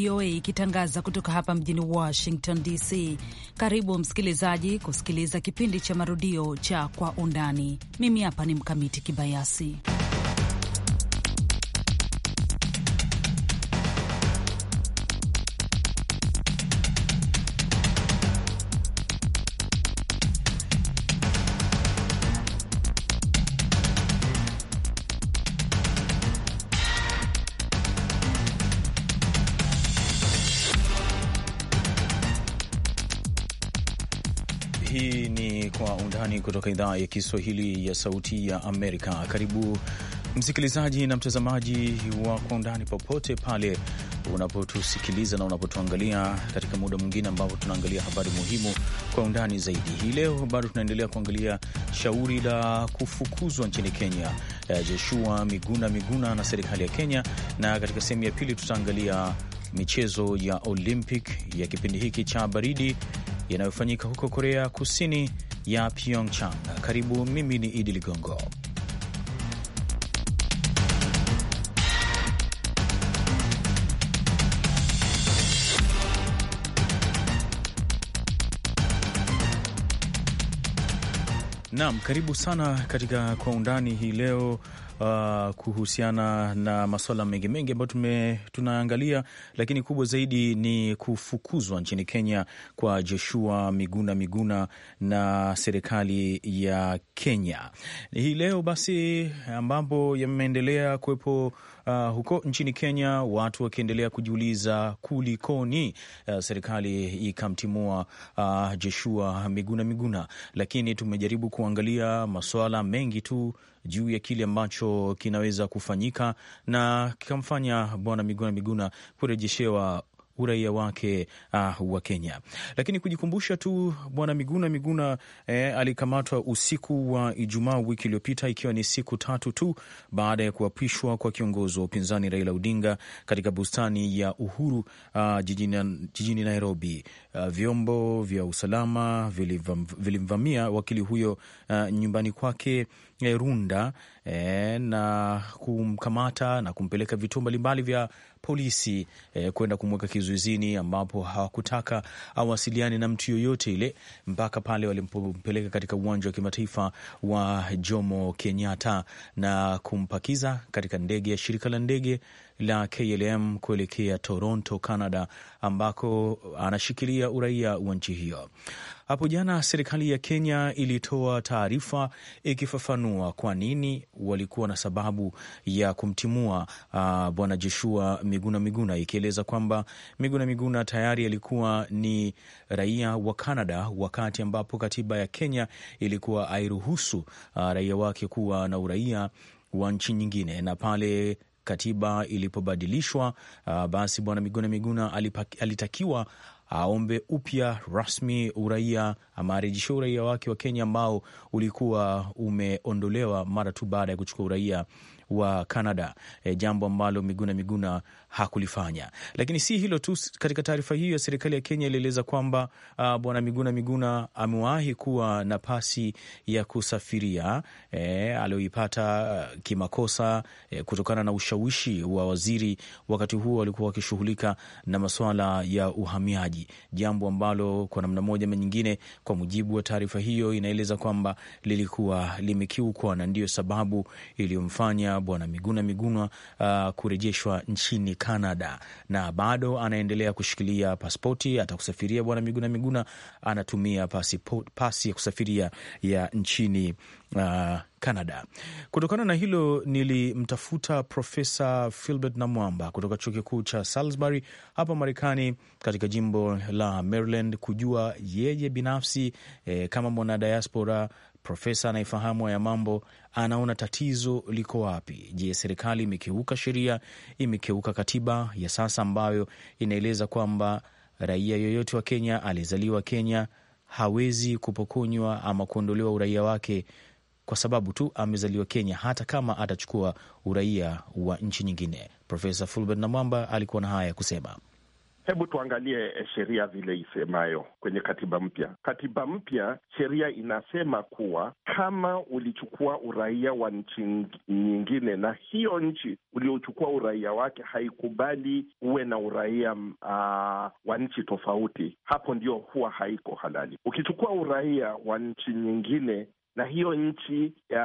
VOA ikitangaza kutoka hapa mjini Washington DC. Karibu msikilizaji kusikiliza kipindi cha marudio cha Kwa Undani. Mimi hapa ni Mkamiti Kibayasi. kutoka idhaa ya Kiswahili ya Sauti ya Amerika. Karibu msikilizaji na mtazamaji wa Kwa Undani popote pale unapotusikiliza na unapotuangalia katika muda mwingine ambapo tunaangalia habari muhimu kwa undani zaidi. Hii leo bado tunaendelea kuangalia shauri la kufukuzwa nchini Kenya Joshua Miguna Miguna na serikali ya Kenya, na katika sehemu ya pili tutaangalia michezo ya Olympic ya kipindi hiki cha baridi yanayofanyika huko Korea Kusini ya Pyeongchang. Karibu, mimi ni Idi Ligongo. Naam, karibu sana katika Kwa Undani hii leo uh, kuhusiana na masuala mengi mengi ambayo tunaangalia, lakini kubwa zaidi ni kufukuzwa nchini Kenya kwa Joshua Miguna Miguna na serikali ya Kenya hii leo basi, ambapo yameendelea kuwepo uh, huko nchini Kenya, watu wakiendelea kujiuliza kulikoni, uh, serikali ikamtimua uh, Joshua Miguna Miguna, lakini tumejaribu kuangalia masuala mengi tu juu ya kile ambacho kinaweza kufanyika na kikamfanya bwana Miguna Miguna kurejeshewa uraia wake uh, wa Kenya. Lakini kujikumbusha tu bwana Miguna Miguna eh, alikamatwa usiku wa Ijumaa wiki iliyopita, ikiwa ni siku tatu tu baada ya kuapishwa kwa kiongozi wa upinzani Raila Odinga katika bustani ya Uhuru uh, jijini, jijini Nairobi. Uh, vyombo vya usalama vilimvamia wakili huyo uh, nyumbani kwake eh, Runda eh, na kumkamata na kumpeleka vituo mbalimbali vya polisi eh, kwenda kumweka kizuizini, ambapo hawakutaka awasiliane na mtu yoyote ile mpaka pale walimpeleka katika uwanja wa kimataifa wa Jomo Kenyatta na kumpakiza katika ndege ya shirika la ndege la KLM kuelekea Toronto, Canada, ambako anashikilia uraia wa nchi hiyo. Hapo jana serikali ya Kenya ilitoa taarifa ikifafanua kwa nini walikuwa na sababu ya kumtimua uh, bwana Joshua Miguna Miguna, ikieleza kwamba Miguna Miguna tayari alikuwa ni raia wa canada wakati ambapo katiba ya Kenya ilikuwa airuhusu uh, ah, raia wake kuwa na uraia wa nchi nyingine na pale katiba ilipobadilishwa, uh, basi bwana Miguna Miguna alipak, alitakiwa aombe upya rasmi uraia ama arejeshe uraia wake wa Kenya ambao ulikuwa umeondolewa mara tu baada ya kuchukua uraia wa Canada, e, jambo ambalo Miguna Miguna hakulifanya. Lakini si hilo tu, katika taarifa hiyo ya serikali ya Kenya ilieleza kwamba uh, bwana Miguna Miguna amewahi kuwa na pasi ya kusafiria eh, aliyoipata uh, kimakosa eh, kutokana na ushawishi wa waziri wakati huo walikuwa wakishughulika na masuala ya uhamiaji, jambo ambalo kwa namna moja ama nyingine, kwa mujibu wa taarifa hiyo, inaeleza kwamba lilikuwa limekiukwa na ndiyo sababu iliyomfanya bwana Miguna Miguna uh, kurejeshwa nchini Canada na bado anaendelea kushikilia paspoti Atakusafiria Bwana Miguna Miguna anatumia pasipot, pasi ya kusafiria ya nchini uh, Canada. Kutokana na hilo nilimtafuta Profesa Filbert Namwamba kutoka chuo kikuu cha Salisbury hapa Marekani, katika jimbo la Maryland, kujua yeye binafsi eh, kama mwanadiaspora Profesa anayefahamu haya mambo anaona tatizo liko wapi. Je, serikali imekiuka sheria, imekiuka katiba ya sasa ambayo inaeleza kwamba raia yoyote wa Kenya aliyezaliwa Kenya hawezi kupokonywa ama kuondolewa uraia wake kwa sababu tu amezaliwa Kenya, hata kama atachukua uraia wa nchi nyingine. Profesa Fulbert Namwamba alikuwa na haya ya kusema. Hebu tuangalie eh, sheria vile isemayo kwenye katiba mpya. Katiba mpya sheria inasema kuwa kama ulichukua uraia wa nchi nyingine na hiyo nchi uliochukua uraia wake haikubali uwe na uraia uh, wa nchi tofauti, hapo ndio huwa haiko halali. Ukichukua uraia wa nchi nyingine na hiyo nchi ya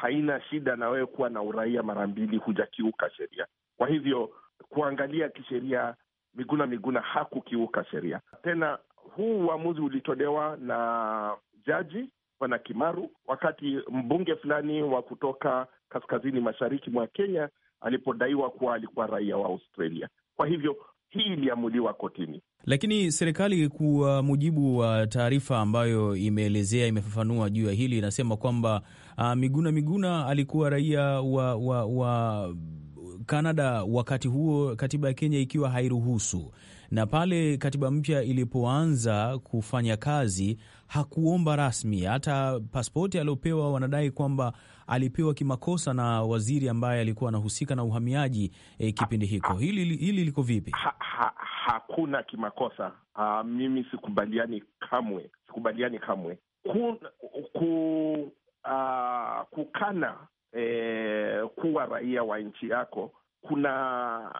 haina shida na wewe kuwa na uraia mara mbili, hujakiuka sheria. Kwa hivyo kuangalia kisheria Miguna Miguna hakukiuka sheria. Tena huu uamuzi ulitolewa na jaji Bwana Kimaru wakati mbunge fulani wa kutoka kaskazini mashariki mwa Kenya alipodaiwa kuwa alikuwa raia wa Australia. Kwa hivyo hii iliamuliwa kotini, lakini serikali, kwa mujibu wa taarifa ambayo imeelezea, imefafanua juu ya hili, inasema kwamba uh, Miguna Miguna alikuwa raia wa, wa, wa Kanada wakati huo katiba ya Kenya ikiwa hairuhusu, na pale katiba mpya ilipoanza kufanya kazi hakuomba rasmi. Hata paspoti aliopewa wanadai kwamba alipewa kimakosa na waziri ambaye alikuwa anahusika na uhamiaji e, kipindi hiko. Hili hili liko vipi? ha, ha, hakuna kimakosa. Uh, mimi sikubaliani kamwe, sikubaliani kamwe ku, ku, uh, kukana eh, kuwa raia wa nchi yako, kuna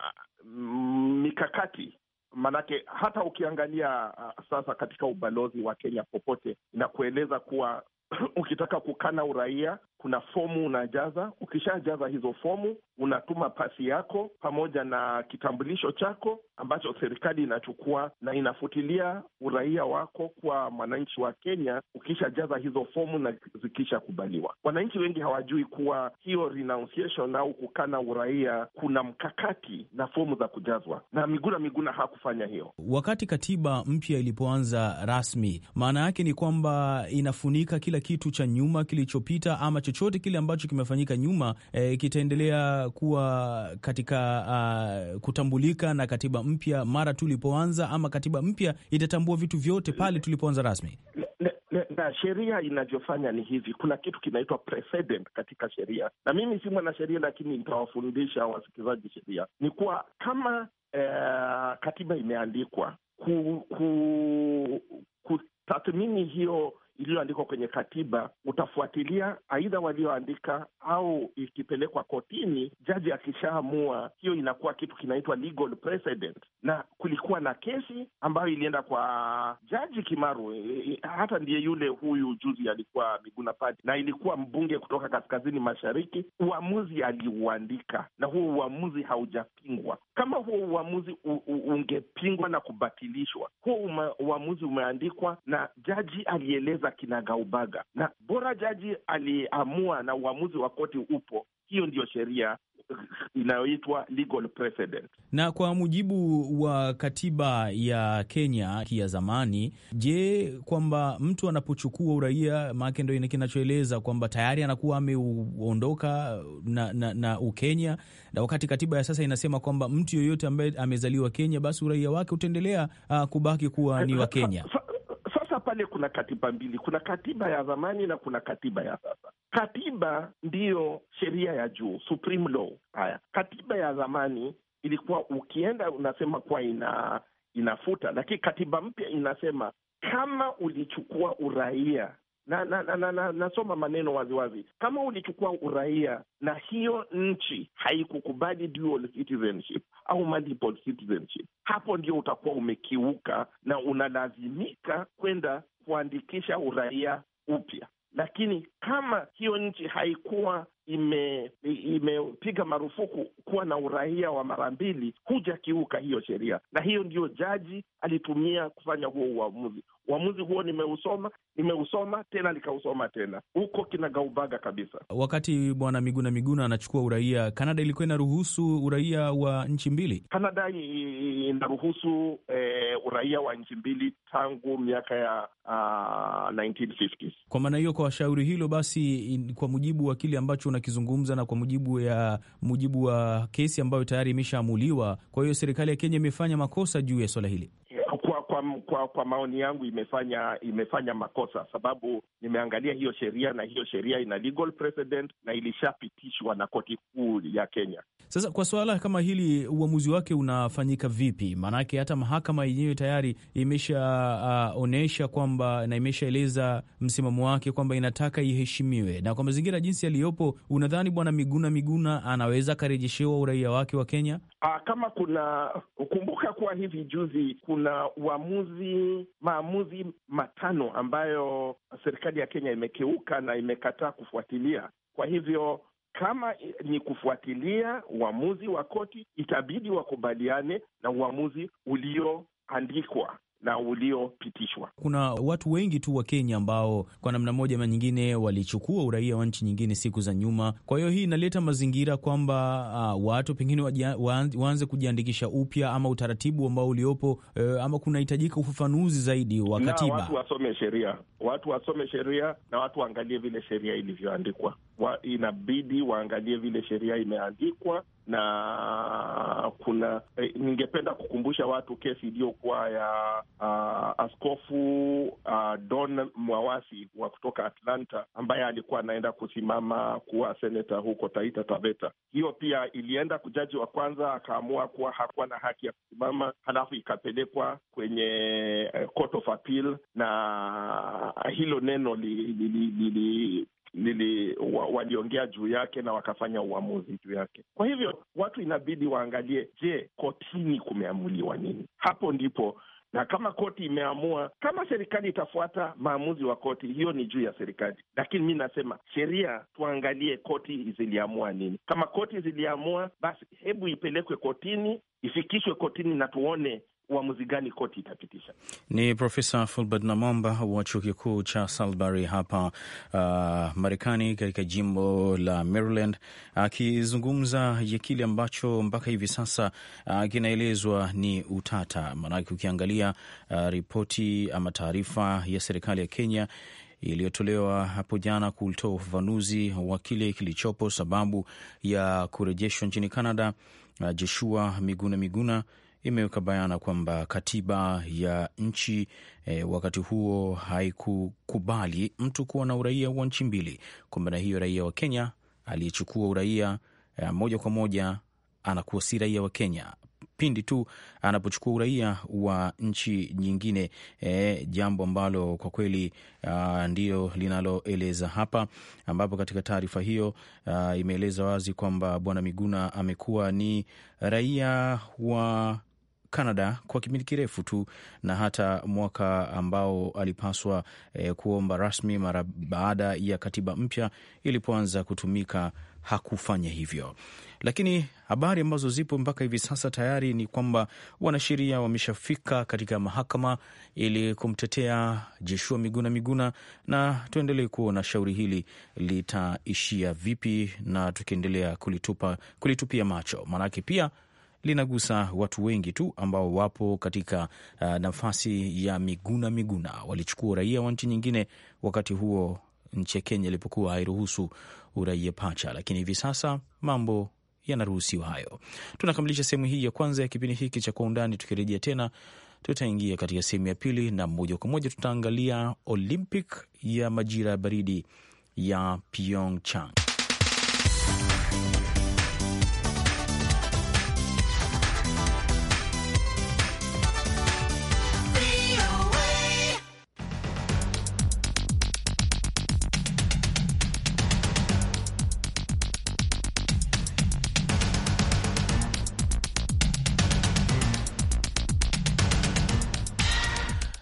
mm, mikakati maanake hata ukiangalia ah, sasa katika ubalozi wa Kenya popote na kueleza kuwa ukitaka kukana uraia kuna fomu unajaza. Ukishajaza hizo fomu, unatuma pasi yako pamoja na kitambulisho chako ambacho serikali inachukua na inafutilia uraia wako kwa mwananchi wa Kenya ukishajaza hizo fomu na zikishakubaliwa. Wananchi wengi hawajui kuwa hiyo renunciation au kukana uraia kuna mkakati na fomu za kujazwa, na Miguna Miguna hakufanya hiyo. Wakati katiba mpya ilipoanza rasmi, maana yake ni kwamba inafunika kila kitu cha nyuma kilichopita ama chochote kile ambacho kimefanyika nyuma e, kitaendelea kuwa katika a, ah, kutambulika na katiba mpya mara tulipoanza, ama katiba mpya itatambua vitu vyote pale tulipoanza rasmi na, na sheria inavyofanya ni hivi. Kuna kitu kinaitwa precedent katika sheria, na mimi si mwanasheria, lakini nitawafundisha wasikilizaji sheria ni kuwa kama eh, katiba imeandikwa ku, ku, kutathmini hiyo iliyoandikwa kwenye katiba utafuatilia, aidha walioandika au ikipelekwa kotini, jaji akishaamua, hiyo inakuwa kitu kinaitwa legal precedent, na kulikuwa kulikuwa na kesi ambayo ilienda kwa jaji Kimaru, e, e, e, hata ndiye yule huyu juzi alikuwa Miguna Pati, na ilikuwa mbunge kutoka kaskazini mashariki. Uamuzi aliuandika na huo uamuzi haujapingwa. Kama huo uamuzi ungepingwa na kubatilishwa, huo uma, uamuzi umeandikwa na jaji alieleza kinagaubaga, na bora jaji aliamua na uamuzi wa koti upo. Hiyo ndiyo sheria inayoitwa legal precedent. Na kwa mujibu wa katiba ya Kenya ya zamani, je, kwamba mtu anapochukua uraia, maake ndo kinachoeleza kwamba tayari anakuwa ameuondoka na, na, na Ukenya, na wakati katiba ya sasa inasema kwamba mtu yoyote ambaye amezaliwa Kenya, basi uraia wake utaendelea uh, kubaki kuwa ni wa Kenya. Sasa pale kuna katiba mbili, kuna katiba ya zamani na kuna katiba ya sasa. Katiba ndiyo sheria ya juu, supreme law. Haya, katiba ya zamani ilikuwa ukienda unasema kuwa ina inafuta, lakini katiba mpya inasema kama ulichukua uraia na nasoma na, na, na, nasoma maneno waziwazi wazi. Kama ulichukua uraia na hiyo nchi haikukubali dual citizenship au multiple citizenship, hapo ndio utakuwa umekiuka na unalazimika kwenda kuandikisha uraia upya lakini kama hiyo nchi haikuwa imepiga ime marufuku kuwa na uraia wa mara mbili, hujakiuka hiyo sheria, na hiyo ndiyo jaji alitumia kufanya huo uamuzi. Uamuzi huo nimeusoma, nimeusoma tena, nikausoma tena, huko kinagaubaga kabisa. Wakati bwana Miguna Miguna anachukua uraia, Kanada ilikuwa inaruhusu uraia wa nchi mbili. Kanada inaruhusu eh, uraia wa nchi mbili tangu miaka ya uh, ah, 1950 Kwa maana hiyo, kwa shauri hilo basi, in, kwa mujibu wa kile ambacho wanakizungumza, na kwa mujibu ya mujibu wa kesi ambayo tayari imeshaamuliwa. Kwa hiyo serikali ya Kenya imefanya makosa juu ya swala hili um, kwa kwa maoni yangu imefanya imefanya makosa, sababu nimeangalia hiyo sheria na hiyo sheria ina legal precedent na ilishapitishwa na koti kuu ya Kenya. Sasa kwa suala kama hili, uamuzi wake unafanyika vipi? Maanake hata mahakama yenyewe tayari imeshaonyesha uh, kwamba na imeshaeleza msimamo wake kwamba inataka iheshimiwe, na kwa mazingira jinsi yaliyopo, unadhani bwana Miguna Miguna anaweza akarejeshewa uraia wake wa Kenya? Uh, kama kuna ukumbuka kuwa hivi juzi kuna uamuzi maamuzi maamuzi matano ambayo serikali ya Kenya imekiuka na imekataa kufuatilia. Kwa hivyo kama ni kufuatilia uamuzi wa koti, itabidi wakubaliane na uamuzi ulioandikwa na uliopitishwa. Kuna watu wengi tu wa Kenya ambao kwa namna moja ama nyingine walichukua uraia wa nchi nyingine siku za nyuma. Kwa hiyo hii inaleta mazingira kwamba uh, watu pengine waanze kujiandikisha upya ama utaratibu ambao uliopo, uh, ama kunahitajika ufafanuzi zaidi wa katiba. Watu wasome sheria, watu wasome sheria na watu waangalie vile sheria ilivyoandikwa. Wa, inabidi waangalie vile sheria imeandikwa na kuna eh, ningependa kukumbusha watu kesi iliyokuwa ya uh, askofu uh, Don Mwawasi wa kutoka Atlanta ambaye alikuwa anaenda kusimama kuwa seneta huko Taita Taveta. Hiyo pia ilienda kujaji wa kwanza, akaamua kuwa hakuwa na haki ya kusimama, halafu ikapelekwa kwenye uh, court of appeal, na hilo neno li, li, li, li, li, lili wa, waliongea juu yake na wakafanya uamuzi juu yake. Kwa hivyo watu inabidi waangalie, je, kotini kumeamuliwa nini? Hapo ndipo na kama koti imeamua, kama serikali itafuata maamuzi wa koti, hiyo ni juu ya serikali. Lakini mi nasema sheria, tuangalie koti ziliamua nini. Kama koti ziliamua, basi hebu ipelekwe kotini, ifikishwe kotini na tuone uamuzi gani koti itapitisha. Ni Profesa Fulbert Namomba wa chuo kikuu cha Salisbury hapa uh, Marekani, katika jimbo la Maryland, akizungumza uh, ya kile ambacho mpaka hivi sasa uh, kinaelezwa ni utata, maanake ukiangalia uh, ripoti ama taarifa ya serikali ya Kenya iliyotolewa hapo jana kutoa ufafanuzi wa kile kilichopo sababu ya kurejeshwa nchini Canada uh, Joshua Miguna Miguna imeweka bayana kwamba katiba ya nchi e, wakati huo haikukubali mtu kuwa na uraia wa nchi mbili. na hiyo raia wa Kenya aliyechukua uraia e, moja kwa moja anakuwa si raia wa Kenya pindi tu anapochukua uraia wa nchi nyingine e, jambo ambalo kwa kweli ah, ndio linaloeleza hapa, ambapo katika taarifa hiyo ah, imeeleza wazi kwamba Bwana Miguna amekuwa ni raia wa Canada kwa kipindi kirefu tu, na hata mwaka ambao alipaswa eh, kuomba rasmi mara baada ya katiba mpya ilipoanza kutumika hakufanya hivyo. Lakini habari ambazo zipo mpaka hivi sasa tayari ni kwamba wanasheria wameshafika katika mahakama ili kumtetea Joshua Miguna Miguna, na tuendelee kuona shauri hili litaishia vipi, na tukiendelea kulitupa kulitupia macho, maanake pia linagusa watu wengi tu ambao wapo katika uh, nafasi ya miguna miguna, walichukua uraia wa nchi nyingine wakati huo nchi ya Kenya ilipokuwa hairuhusu uraia pacha, lakini hivi sasa mambo yanaruhusiwa hayo. Tunakamilisha sehemu hii ya kwanza ya kipindi hiki cha Kwa Undani. Tukirejea tena, tutaingia katika sehemu ya pili na moja kwa moja tutaangalia Olympic ya majira ya baridi ya Pyeongchang.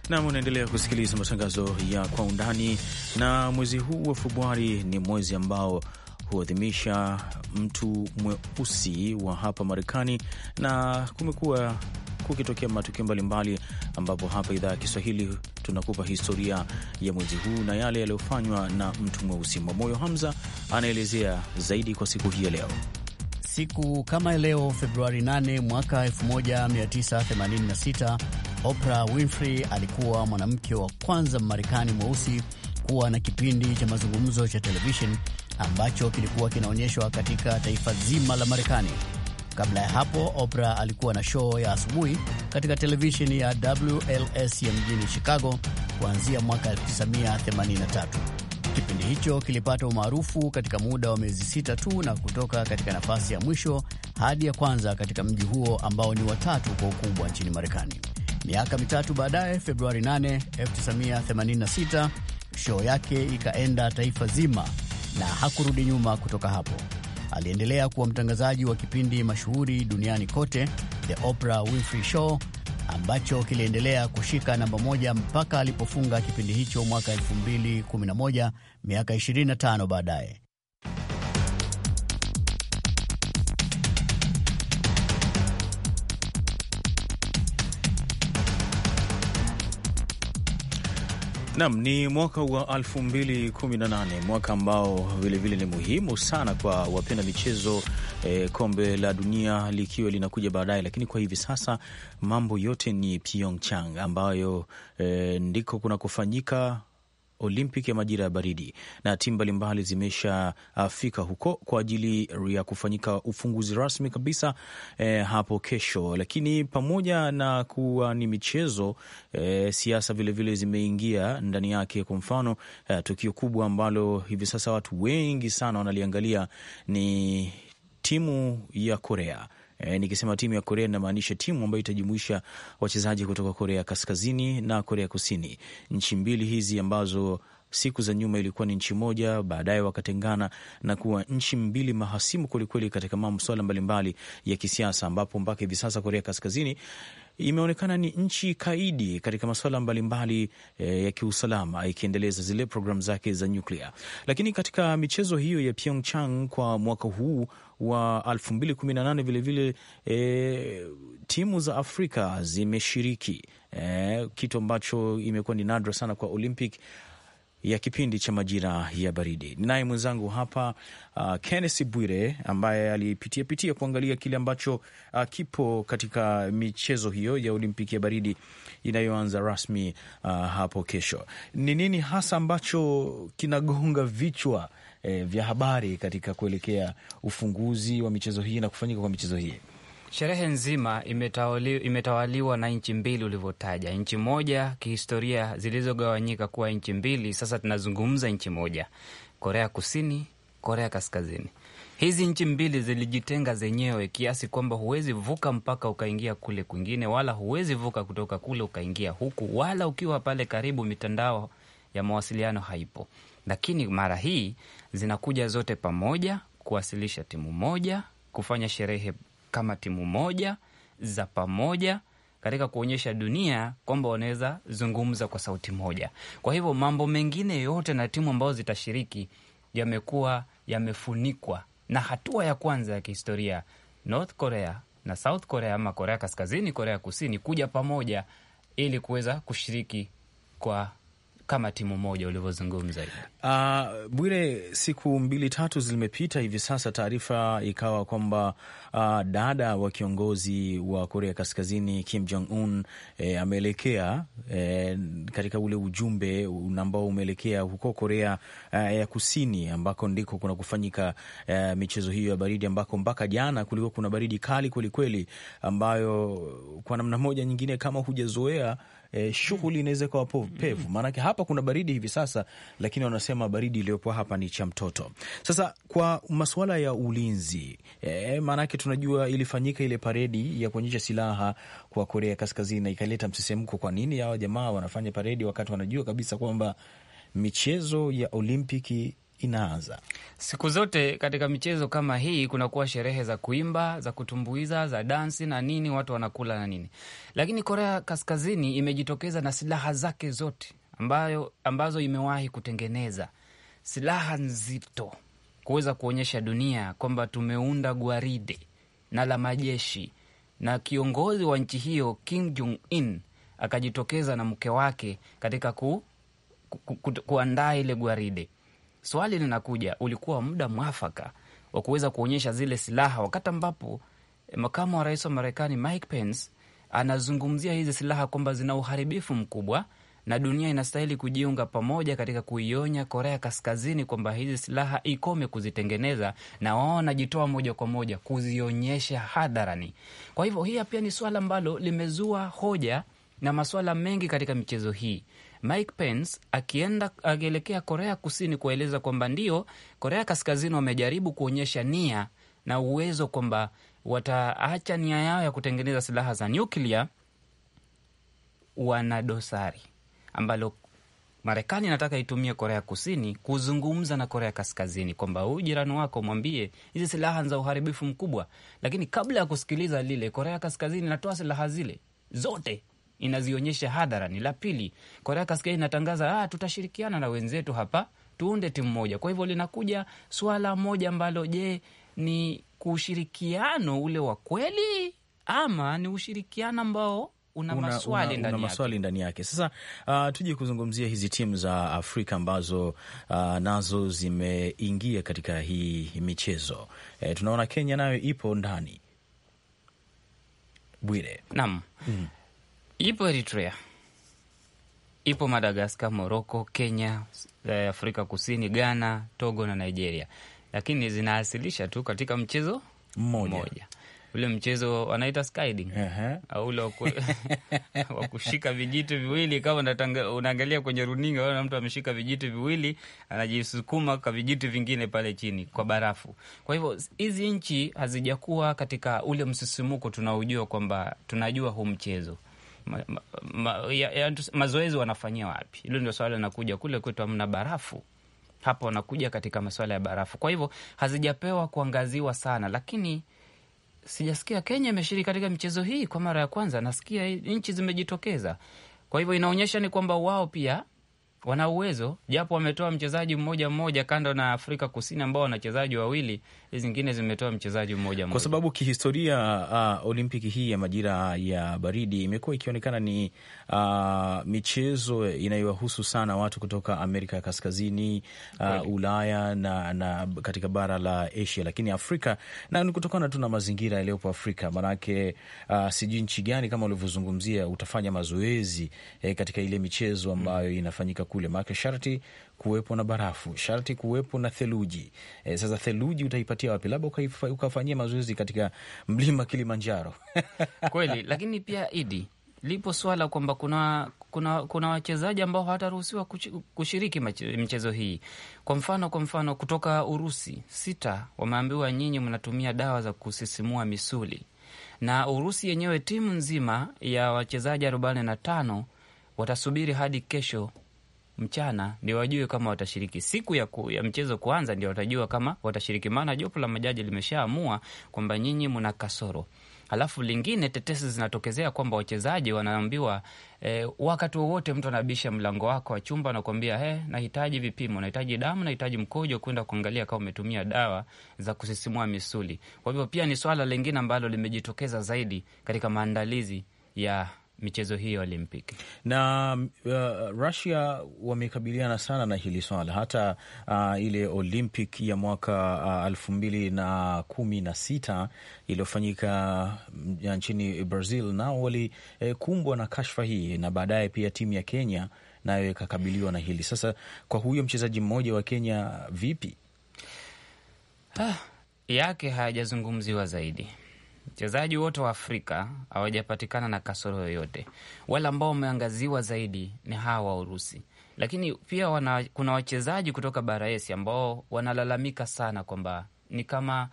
Nam, unaendelea kusikiliza matangazo ya Kwa Undani. Na mwezi huu wa Februari ni mwezi ambao huadhimisha mtu mweusi wa hapa Marekani, na kumekuwa kukitokea matukio mbalimbali, ambapo hapa idhaa ya Kiswahili tunakupa historia ya mwezi huu na yale yaliyofanywa na mtu mweusi. Mwamoyo Hamza anaelezea zaidi kwa siku hii ya leo. Siku kama leo Februari 8 mwaka 1986 Oprah Winfrey alikuwa mwanamke wa kwanza Mmarekani mweusi kuwa na kipindi cha mazungumzo cha televishen ambacho kilikuwa kinaonyeshwa katika taifa zima la Marekani. Kabla ya hapo, Oprah alikuwa na shoo ya asubuhi katika televisheni ya WLS ya mjini Chicago kuanzia mwaka 1983. Kipindi hicho kilipata umaarufu katika muda wa miezi sita tu na kutoka katika nafasi ya mwisho hadi ya kwanza katika mji huo ambao ni watatu kwa ukubwa nchini Marekani. Miaka mitatu baadaye, Februari 8, 1986 shoo yake ikaenda taifa zima na hakurudi nyuma kutoka hapo. Aliendelea kuwa mtangazaji wa kipindi mashuhuri duniani kote, The Oprah Winfrey Show, ambacho kiliendelea kushika namba moja mpaka alipofunga kipindi hicho mwaka 2011, miaka 25 baadaye. Nam ni mwaka wa 2018 mwaka ambao vilevile vile ni muhimu sana kwa wapenda michezo eh, kombe la dunia likiwa linakuja baadaye, lakini kwa hivi sasa mambo yote ni Pyeongchang ambayo eh, ndiko kuna kufanyika Olympic ya majira ya baridi, na timu mbalimbali zimeshafika huko kwa ajili ya kufanyika ufunguzi rasmi kabisa eh, hapo kesho. Lakini pamoja na kuwa ni michezo eh, siasa vilevile zimeingia ndani yake. Kwa mfano eh, tukio kubwa ambalo hivi sasa watu wengi sana wanaliangalia ni timu ya Korea E, nikisema timu ya Korea inamaanisha timu ambayo itajumuisha wachezaji kutoka Korea Kaskazini na Korea Kusini, nchi mbili hizi ambazo siku za nyuma ilikuwa ni nchi moja, baadaye wakatengana na kuwa nchi mbili mahasimu kwelikweli katika masuala mbalimbali ya kisiasa, ambapo mpaka hivi sasa Korea Kaskazini imeonekana ni nchi kaidi katika masuala mbalimbali e, ya kiusalama ikiendeleza zile programu zake za nyuklia. Lakini katika michezo hiyo ya Pyeongchang kwa mwaka huu wa 2018 vilevile e, timu za Afrika zimeshiriki e, kitu ambacho imekuwa ni nadra sana kwa Olympic ya kipindi cha majira ya baridi. Naye mwenzangu hapa uh, Kenneth Bwire ambaye alipitia pitia kuangalia kile ambacho uh, kipo katika michezo hiyo ya Olimpiki ya baridi inayoanza rasmi uh, hapo kesho. Ni nini hasa ambacho kinagonga vichwa eh, vya habari katika kuelekea ufunguzi wa michezo hii na kufanyika kwa michezo hii. Sherehe nzima imetawali, imetawaliwa na nchi mbili ulivyotaja, nchi moja kihistoria zilizogawanyika kuwa nchi mbili. Sasa tunazungumza nchi moja, Korea Kusini, Korea Kaskazini. Hizi nchi mbili zilijitenga zenyewe kiasi kwamba huwezi vuka mpaka ukaingia kule kwingine, wala huwezi vuka kutoka kule ukaingia huku, wala ukiwa pale karibu mitandao ya mawasiliano haipo, lakini mara hii zinakuja zote pamoja kuwasilisha timu moja, kufanya sherehe kama timu moja za pamoja katika kuonyesha dunia kwamba wanaweza zungumza kwa sauti moja. Kwa hivyo mambo mengine yote na timu ambazo zitashiriki yamekuwa yamefunikwa na hatua ya kwanza ya kihistoria, North Korea na South Korea ama Korea Kaskazini, Korea Kusini kuja pamoja ili kuweza kushiriki kwa kama timu moja ulivyozungumza hivi. Uh, ah, Bwire, siku mbili tatu zilimepita hivi sasa, taarifa ikawa kwamba uh, dada wa kiongozi wa Korea Kaskazini Kim Jong Un eh, ameelekea eh, katika ule ujumbe ambao umeelekea huko Korea eh, ya Kusini ambako ndiko kuna kufanyika eh, michezo hiyo ya baridi, ambako mpaka jana kulikuwa kuna baridi kali kwelikweli, ambayo kwa namna moja nyingine kama hujazoea eh, shughuli inaweza kawa pevu. Maanake hapa kuna baridi hivi sasa, lakini wanasema baridi iliyopo hapa ni cha mtoto. Sasa kwa masuala ya ulinzi eh, maanake tunajua ilifanyika ile paredi ya kuonyesha silaha kwa Korea Kaskazini na ikaleta msisimko. Kwa nini hawa jamaa wanafanya paredi wakati wanajua kabisa kwamba michezo ya Olimpiki inaanza. Siku zote katika michezo kama hii kunakuwa sherehe za kuimba, za kutumbuiza, za dansi na nini, watu wanakula na nini, lakini Korea Kaskazini imejitokeza na silaha zake zote ambayo, ambazo imewahi kutengeneza silaha nzito kuweza kuonyesha dunia kwamba tumeunda gwaride na la majeshi, na kiongozi wa nchi hiyo Kim Jong Un akajitokeza na mke wake katika ku, ku, ku, kuandaa ile gwaride swali linakuja, ulikuwa muda mwafaka wa kuweza kuonyesha zile silaha wakati ambapo eh, makamu wa rais wa Marekani Mike Pence anazungumzia hizi silaha kwamba zina uharibifu mkubwa na dunia inastahili kujiunga pamoja katika kuionya Korea Kaskazini kwamba hizi silaha ikome kuzitengeneza, na wao wanajitoa moja kwa moja kuzionyesha hadharani. Kwa hivyo hiya pia ni swala ambalo limezua hoja na maswala mengi katika michezo hii. Mike Pence akienda akielekea Korea Kusini kueleza kwamba ndio Korea Kaskazini wamejaribu kuonyesha nia na uwezo kwamba wataacha nia yao ya kutengeneza silaha za nyuklia, wana dosari ambalo Marekani inataka itumie Korea Kusini kuzungumza na Korea Kaskazini kwamba huu jirani wako mwambie hizi silaha za uharibifu mkubwa. Lakini kabla ya kusikiliza lile, Korea Kaskazini inatoa silaha zile zote inazionyesha hadharani. La pili, Korea Kaskazini inatangaza ah, tutashirikiana na wenzetu hapa tuunde timu moja. Kwa hivyo linakuja swala moja ambalo, je, ni kuushirikiano ule wa kweli ama ni ushirikiano ambao una maswali una, una, ndani, ndani yake. Sasa uh, tuje kuzungumzia hizi timu za Afrika ambazo uh, nazo zimeingia katika hii michezo e, tunaona Kenya nayo ipo ndani Bwire. Naam. Mm ipo Eritrea, ipo Madagaskar, Moroko, Kenya, eh, Afrika Kusini, Ghana, Togo na Nigeria, lakini zinaasilisha tu katika mchezo mmoja, mmoja. Ule mchezo wanaita skyding au ule wa kushika vijiti viwili, kama unaangalia kwenye runinga, na mtu ameshika vijiti viwili anajisukuma kwa vijiti vingine pale chini kwa barafu. Kwa hivyo hizi nchi hazijakuwa katika ule msisimuko tunaojua kwamba tunajua huu mchezo ma, ma, mazoezi wanafanyia wapi? Hilo ndio swala linakuja. Kule kwetu hamna barafu hapa wanakuja katika masuala ya barafu, kwa hivyo hazijapewa kuangaziwa sana, lakini sijasikia Kenya imeshiriki katika michezo hii kwa mara ya kwanza. Nasikia nchi zimejitokeza, kwa hivyo inaonyesha ni kwamba wao pia wana uwezo japo wametoa mchezaji mmoja mmoja, kando na Afrika Kusini ambao wana wachezaji wawili, zingine zimetoa mchezaji mmoja mmoja, kwa sababu kihistoria, uh, Olimpiki hii ya majira ya baridi imekuwa ikionekana ni uh, michezo inayowahusu sana watu kutoka Amerika ya Kaskazini, uh, Ulaya na, na katika bara la Asia, lakini Afrika na ni kutokana tu na mazingira yaliyopo Afrika, maanake uh, sijui nchi gani kama ulivyozungumzia utafanya mazoezi eh, katika ile michezo ambayo mm. inafanyika kule, maanake sharti kuwepo na barafu, sharti kuwepo na theluji. E, sasa theluji utaipatia wapi? Labda ukafanyia mazoezi katika mlima Kilimanjaro kweli. Lakini pia Idi, lipo swala kwamba kuna kuna, kuna wachezaji ambao hawataruhusiwa kushiriki mchezo hii. Kwa mfano kwa mfano kutoka Urusi sita wameambiwa nyinyi mnatumia dawa za kusisimua misuli, na Urusi yenyewe timu nzima ya wachezaji arobaini na tano watasubiri hadi kesho mchana ndio wajue kama watashiriki. Siku ya, ku, ya mchezo kuanza ndio watajua kama watashiriki, maana jopo la majaji limeshaamua kwamba nyinyi mna kasoro. Alafu lingine tetesi zinatokezea kwamba wachezaji wanaambiwa eh, wakati wowote mtu anabisha mlango wako wa chumba nakuambia, hey, eh, nahitaji vipimo, nahitaji damu, nahitaji mkojo kwenda kuangalia kama umetumia dawa za kusisimua misuli. Kwa hivyo pia ni swala lingine ambalo limejitokeza zaidi katika maandalizi ya michezo hii ya Olimpiki na uh, Russia wamekabiliana sana na hili swala hata uh, ile Olympic ya mwaka uh, mbili na kumi na sita iliyofanyika uh, nchini Brazil nao walikumbwa eh, na kashfa hii, na baadaye pia timu ya Kenya nayo ikakabiliwa na hili sasa. Kwa huyo mchezaji mmoja wa Kenya vipi? Ah, yake hayajazungumziwa zaidi Wachezaji wote wa Afrika hawajapatikana na kasoro yoyote. Wale ambao wameangaziwa zaidi ni hawa wa Urusi, lakini pia wana, kuna wachezaji kutoka bara Asia ambao wanalalamika sana kwamba ni kama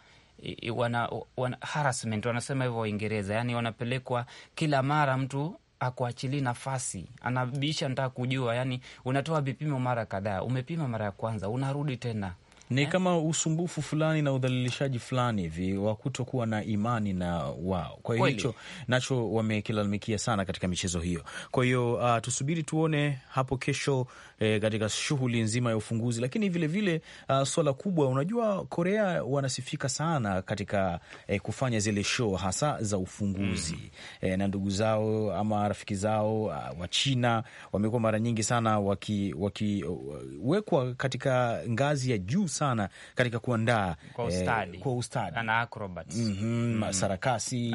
wana, wana harassment, wanasema hivyo Waingereza, yani wanapelekwa kila mara, mtu akuachilii nafasi, anabisha, nataka kujua. Yani unatoa vipimo mara kadhaa, umepima mara ya kwanza, unarudi tena ni eh? kama usumbufu fulani na udhalilishaji fulani hivi wa kutokuwa na imani na wao. Kwa hiyo hicho nacho wamekilalamikia sana katika michezo hiyo. Kwa hiyo uh, tusubiri tuone hapo kesho eh, katika shughuli nzima ya ufunguzi, lakini vilevile uh, ah, swala kubwa, unajua Korea wanasifika sana katika eh, kufanya zile show hasa za ufunguzi mm. eh, na ndugu zao ama rafiki zao uh, wa China wamekuwa mara nyingi sana wakiwekwa waki, katika ngazi ya juu sana katika kuandaa kwa eh, ustadi, eh, kwa ustadi. Ana Mm -hmm, mm. Sarakasi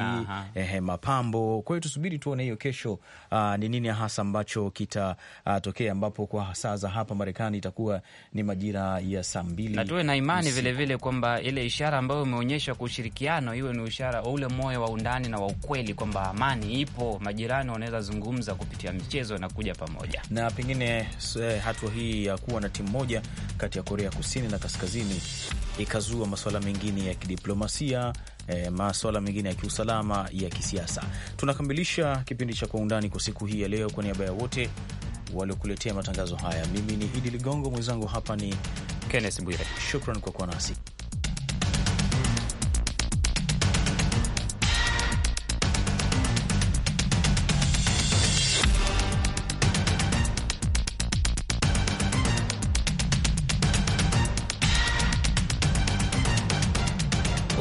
eh, mapambo. Kwa hiyo tusubiri tuone hiyo kesho ah, ni nini hasa ambacho kitatokea, ambapo kwa saa za hapa Marekani itakuwa ni majira ya saa mbili na tuwe na imani vilevile kwamba ile ishara ambayo imeonyeshwa kwa ushirikiano iwe ni ishara wa ule moyo wa undani na wa ukweli kwamba amani ipo, majirani wanaweza zungumza kupitia michezo na kuja pamoja, na pengine eh, hatua hii ya kuwa na timu moja kati ya Korea Kusini na Kaskazini Kaskazini ikazua masuala mengine ya kidiplomasia e, masuala mengine ya kiusalama, ya kisiasa. Tunakamilisha kipindi cha Kwa Undani kwa siku hii ya leo. Kwa niaba ya wote waliokuletea matangazo haya, mimi ni Idi Ligongo, mwenzangu hapa ni Kenneth Bwire. Shukran kwa kuwa nasi.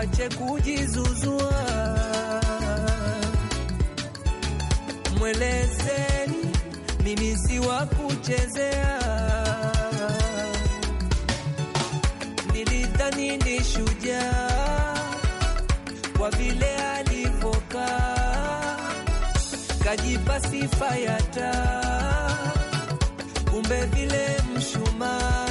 waache kujizuzua, mwelezeni mimi si wa kuchezea. Nilidhani ni shujaa kwa vile alivokaa kajipa sifa ya taa, kumbe vile mshumaa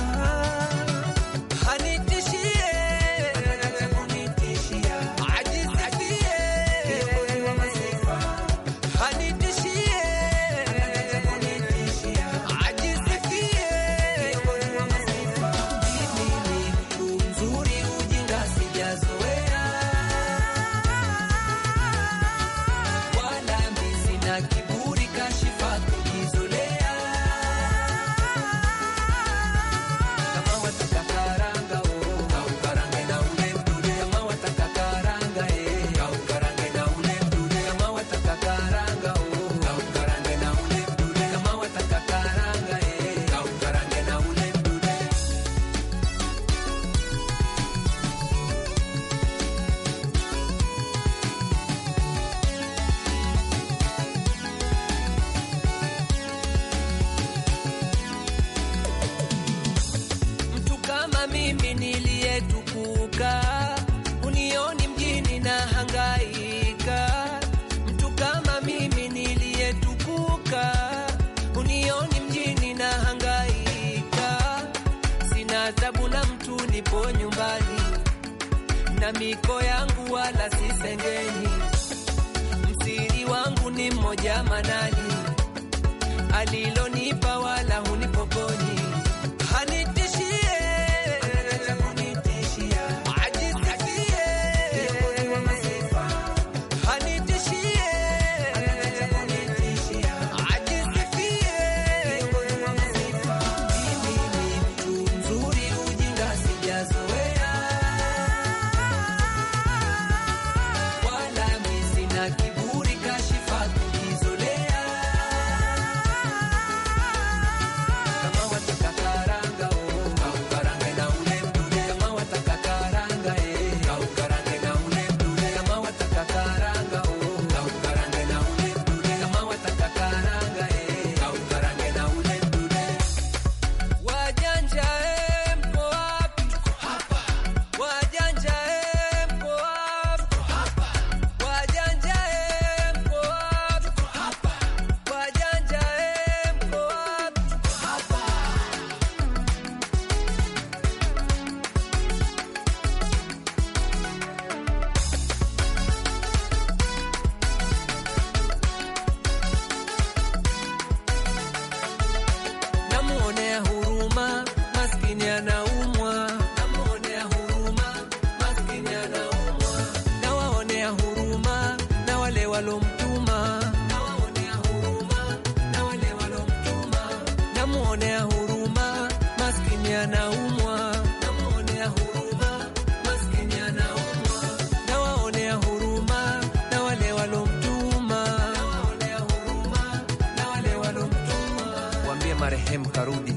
anaumwa, nawaonea huruma, maskini anaumwa, nawaonea huruma na wale walomtuma, nawaonea huruma na wale walomtuma. marehemu karudi,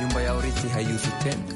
nyumba ya urithi haiuzwi tena.